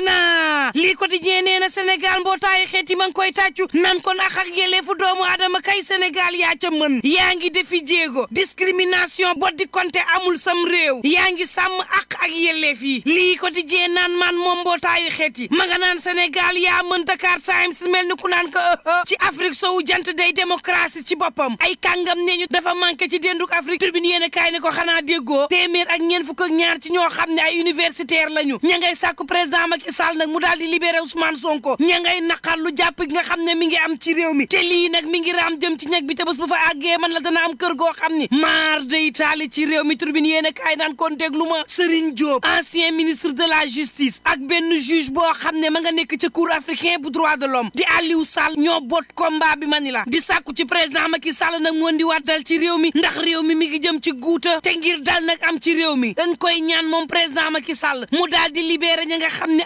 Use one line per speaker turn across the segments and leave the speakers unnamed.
rawatina lii quotidien nee na Sénégal mbootaayu xeet yi ma ngi koy tàccu nan kon ak ak fu doomu aadama kay Sénégal yaa ca mën yaa ngi defi jéego discrimination boddi konte amul sam réew yaa ngi sàmm ak ak yelleef yi lii quotidien naan man moom mbootaayu xeet yi ma nga naan Sénégal yaa mën Dakar Times mel ni ku naan ko ci Afrique sowu jant day démocratie ci boppam ay kàngam ne ñu dafa manqué ci denduk Afrique tribune yéen a kaay ne ko xanaa déggoo téeméer ak ñeent fukk ñaar ci ñoo xam ne ay universitaire lañu ña ngay sàkku président Macky mu daal di libéré Ousmane Sonko ña ngay na lu jàpp gi nga xam ne mi ngi am ci réew mi te lii nag mi ngi raam jëm ci ñeg bi te bés bu fa àggee man la dana am kër goo xam ni maar day taali ci réew mi turbine yéen a kaay naan kon déglu ma Serigne Diop ancien ministre de la justice ak benn juge boo xam ne ma nga nekk ci cour africain bu droit de l'homme di Aliou Sall ñoo bot combat bi mani la di sàkku ci président Macky sal nag mu di waat dal ci réew mi ndax réew mi mi ngi jëm ci guuta te ngir dal am ci réew mi dañ koy ñaan moom président Macky Sall mu daal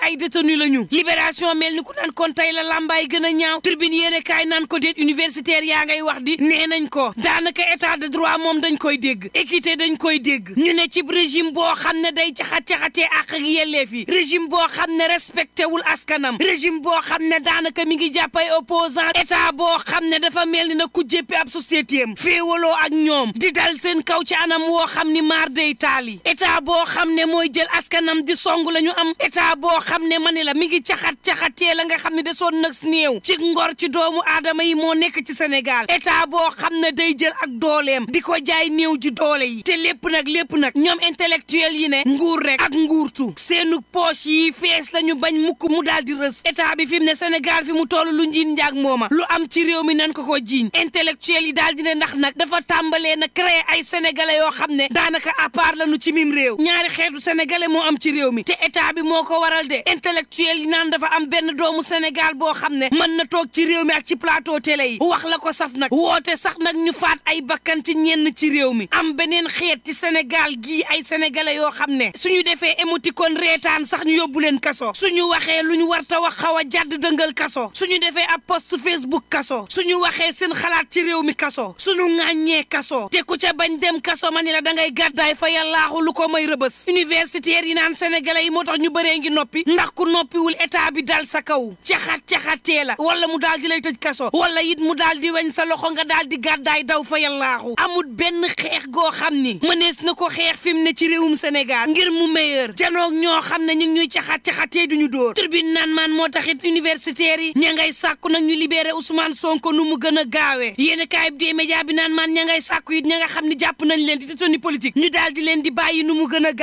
ay détenu la ñu libération mel ni ku naan kon tey la làmbaay gën a ñaaw tribune yéene kaay nan ko déet universitaire yaa ngay wax di nee nañ ko daanaka état de droit moom dañ koy dégg équité dañ koy dégg ñu ne ci régime boo xam ne day caxat-caxatee àq ak yelleef yi régime boo xam ne respecté wul askanam régime boo xam ne daanaka mi ngi jàppay opposant état boo xam ne dafa mel ni na ku jéppi ab société am féewaloo ak ñoom di dal seen kaw ci anam woo xam ni maar day taali état boo xam ne mooy jël askanam di song la ñu am état boo xam ne ma ne la mi ngi caxat caxatee la nga xam ne desoon nag néew ci ngor ci doomu aadama yi moo nekk ci Sénégal état boo xam ne day jël ak dooleem di ko jaay néew ji doole yi te lépp nag lépp nag ñoom intellectuel yi ne nguur rek ak nguurtu seenu poche yi fees la bañ mukk mu daal di rës état bi fi mu ne Sénégal fi mu toll lu njiin njaag mooma lu am ci réew mi nan ko ko jiiñ intellectuel yi daal di ne ndax nag dafa tàmbalee na créer ay sénégalais yoo xam ne daanaka à part lañu ci réew ñaari xeetu sénégalais moo am ci réew mi te état bi moo ko waral de intellectuel yi naan dafa am benn doomu Sénégal boo xam ne mën na toog ci réew mi ak ci plateau télé yi wax la ko saf nag woote sax nag ñu faat ay bakkan ci ñenn ci réew mi am beneen xeet ci Sénégal gii ay sénégalais yoo xam ne su ñu defee émoticône reetaan sax ñu yóbbu leen su ñu waxee lu ñu war ta wax xaw a jàdd dëngal kaso ñu defee ab post Facebook kaso ñu waxee seen xalaat ci réew mi kaso suñu ŋàññee kaso te ku ca bañ dem kaso ma ni la da ngay gàddaay fa yàllaaxu lu ko may rëbës universitaires yi naan sénégalais yi moo tax ñu bëree ngi noppi ndax ku noppiwul état bi dal sa kaw caxat caxatee la wala mu daal di lay tëj kaso wala it mu daal di weñ sa loxo nga daal di gàddaay daw fa yallaaxu amul benn xeex goo xam ni mënees na ko xeex fi mu ne ci réewum Sénégal ngir mu meilleur janoog ñoo xam ne ñu ngi ñuy caxat caxatee duñu dóor tribune naan maan moo taxit universitaires yi ña ngay sàkku nag ñu libéré Ousmane Sonko nu mu gën a gaawee yéen kaay bi bi naan maan ña ngay sàkku it ña nga xam ne jàpp nañ leen di politique ñu daal di leen di bàyyi nu mu gën a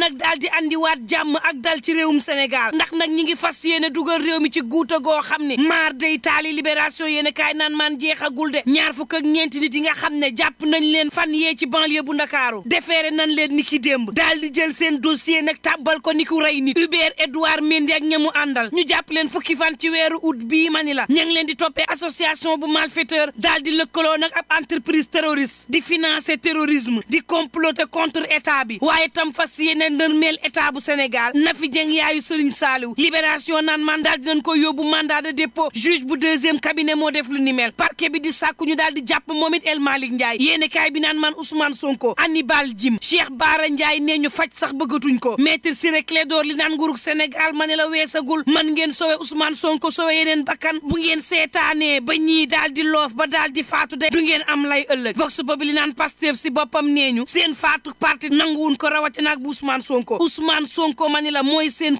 nag daal di andiwaat jàmm ak dal ci réewum Sénégal ndax nag ñi ngi fas yéene dugal réew mi ci guuta goo xam ne maar day taali libération yéene kaay naan maan jeexagul de ñaar fukk ak ñeenti ni yi nga xam ne jàpp nañ leen fan yee ci banlieue bu ndakaaru defeere nañ leen niki demb daal di jël seen dossier nag tàbbal ko ni ku ni nit Hubert Edouard Mendy ak ñamu àndal ñu jàpp leen fukki fan ci weeru bi ma ni la ña ngi leen di toppee association bu malfaiteur daal di lëkkaloo nag ab entreprise terroriste di financer terrorisme di comploter contre état bi waaye tam fas yéene nërmeel état bu Sénégal na fi taxawaayu Serigne Saliou libération naan man daal dinañ ko yóbbu mandat de dépôt juge bu deuxième cabinet moo def lu ni mel parquet bi di sàkku ñu daal di jàpp moom it El Malick Ndiaye yéene kaay bi naan man Ousmane Sonko Hannibal Jim Cheikh Bara Ndiaye nee ñu faj sax bëggatuñ ko maître Ciré Clédor Ly naan nguurug Sénégal ma ne la weesagul man ngeen sowe Ousmane Sonko sowe yeneen bakkan bu ngeen seetaanee ba ñii daal di loof ba daal di faatu de du ngeen am lay ëllëg vox populi naan Pastef si boppam nee ñu seen faatu parti nanguwuñ ko rawatina ak bu Ousmane Sonko Sonko ma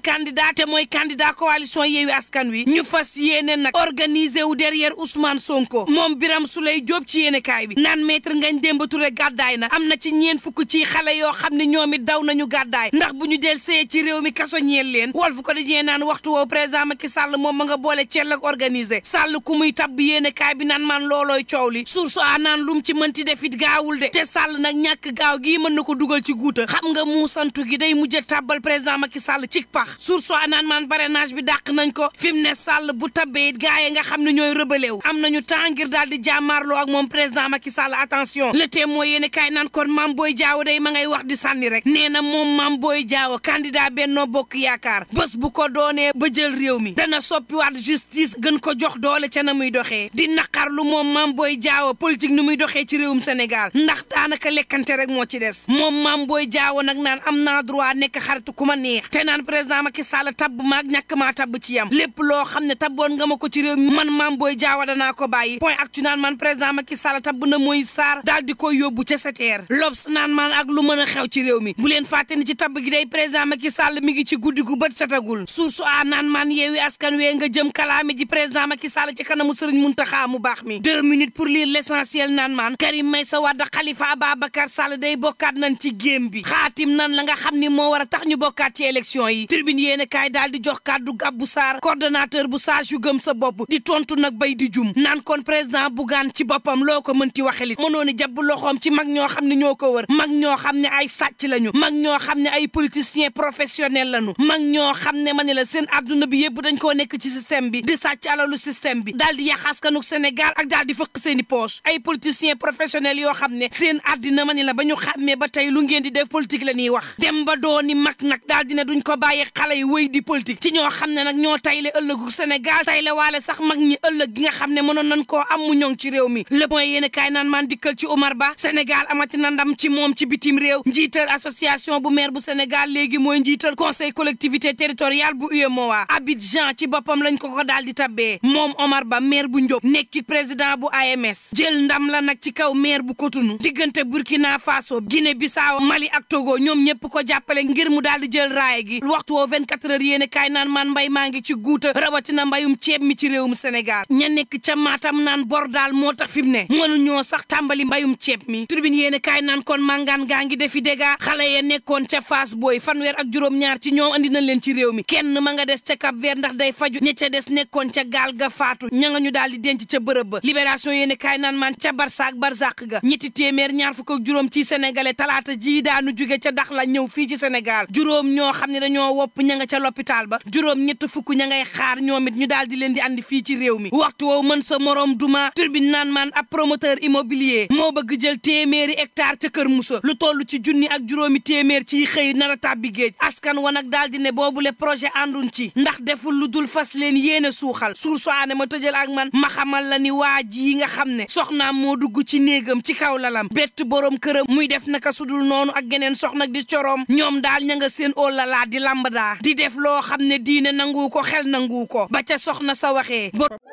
candidat te mooy candidat coalition Yewwi Askan Wi ñu fas yéene nag organiser wu derrière Ousmane Sonko moom biram Souleye Diop ci yéenekaay bi nan maître Ngagne Demba Touré gàddaay na am na ci ñeen fukk ci xale yoo xam ne ñoom it daw nañu gàddaay ndax bu ñu del see ci réew mi kaso ñeel leen Walf Quotidien naan waxtu woowu président Macky Sall moom ma nga boole cell ak organiser Sall ku muy tabb yéenekaay bi naan man loolooy coow li source a naan lum ci def it gaawul de te Sall nag ñàkk gaaw gii mën na ko dugal ci guuta xam nga muusantu gi day mujj tàbbal président Macky Sall ci pax source anaan maan parrainage bi dàq nañ ko fi mu ne sàll bu tabbee gaay nga xam ne ñooy rëbële wu am nañu temps ngir daal di jàmmaarloo ak moom président Macky Sall attention le thème mooy yéen kaay naan ko Mame Boye Diao day ma ngay wax di sànni rek nee na moom Mame Boye Diao candidat Benno Bokk Yaakaar bés bu ko doonee ba jël réew mi dana soppiwaat justice gën ko jox doole ca na muy doxee di naqar lu moom Mame Boye Diao politique ni muy doxee ci réewum Sénégal ndax daanaka lekkante rek moo ci des moom Mame Boye nag naan am naa droit nekk ku ma neex te naan président Macky Sall tabb maag ñàkk maa tabb ci yam lépp loo xam ne tabboon nga ma ko ci réew mi man maam booy jaawa danaa ko bàyyi point actu naan man président Macky Sall tabb na mooy saar daal di koy yóbbu ca seteer lobs naan maan ak lu mën a xew ci réew mi bu leen fàtte ni ci tabb gi day président Macky Sall mi ngi ci guddi gu bët setagul source a naan maan yeewi askan wee nga jëm kalaame ji président Macky Sall ci kanamu sëriñ Muntaxa mu baax mi deux minutes pour lire l'essentiel naan maan Karim Meïssa Wade Khalifa Ababacar Sall day bokkaat nañ ci géem bi xaatim nan la nga xam ni moo war a tax ñu bokkaat ci yi bi turbine yéene kaay daal di jox kàddu bu saar coordonnateur bu saage yu sa bopp di tontu nag bay di jum naan kon président bu Bougane ci boppam loo ko mënti waxelit mënoon ni jàpp loxoom ci mag ñoo xam ne ñoo ko wër mag ñoo xam ne ay sàcc lañu mag ñoo xam ne ay politiciens professionnels lañu mag ñoo xam ne ma ni la seen adduna bi yëpp dañ koo nekk ci système bi di sàcc alalu système bi daal di yaxaaskanu Sénégal ak daal di fëkk seeni i ay politiciens professionnels yoo xam ne seen addina ma ne la ba ñu xàmmee ba tey lu ngeen di def politique la ñuy wax dem ba dooni mag nag daal duñ ko bàyyi xale yi wéy di politique ci ñoo xam ne nag ñoo tayle ëllëgu Sénégal tayle waale sax mag ñi ëllëg gi nga xam ne mënoon nañ koo am mu ñoŋ ci réew mi le point yéen kaay naan maan dikkal ci Omar Ba Sénégal amati na ndam ci moom ci bitim réew njiital association bu maire bu Sénégal léegi mooy njiital conseil collectivité territoriale bu UEMOA Abidjan ci boppam lañ ko ko daal di tabbee moom Omar Ba meer bu Ndiob nekki président bu AMS jël ndam la nag ci kaw maire bu Cotonou diggante Burkina Faso Guinée Bissau Mali ak Togo ñoom ñëpp ko jàppale ngir mu daal di jël raay gi woo 24 heures yéen kaay naan man mbay maa ngi ci guuta rawatina mbayum ceeb mi ci réewum Sénégal ña nekk ca maatam naan bor daal moo tax fi mu ne mënuñoo sax tàmbali mbayum ceeb mi turbine yéen kaay naan kon mangaan gaa ngi defi dégâts xale ya nekkoon ca Fass Boy fanweer ak juróom-ñaar ci ñoom andi nañ leen ci réew mi kenn ma nga des ca Cap Vert ndax day faju ña ca des nekkoon ca gaal ga faatu ña nga ñu daal di denc ca bërëb ba libération yéen kaay naan man ca barsaak barzak ga ñetti téeméer ñaar fukk ak juróom ci sénégalais talaata ji daanu jóge ca dax la ñëw fii ci Sénégal juróom ñoo xam ne dañoo ñëpp ña nga ca l'hôpital ba juróom ñett fukk ña ngay xaar ñoomit ñu daal di leen di andi fii ci réew mi waxtu woowu mën sa morom duma turbine naan maan ab promoteur immobilier moo bëgg jël téeméeri hectare ca kër Moussa lu toll ci junni ak juróomi téeméer ci xëy nara tàbbi géej askan wa nag daal di ne boobule projet àndun ci ndax deful lu dul fas leen yéene suuxal suur soaane ma tëjal ak man ma xamal la ni waa ji yi nga xam ne soxnaam moo dugg ci néegam ci kaw lalam bett borom këram muy def naka sudul noonu ak geneen soxna di coroom ñoom daal nga seen la làmb di def loo xam ne diine nangu ko xel nangu ko ba ca soxna sa waxee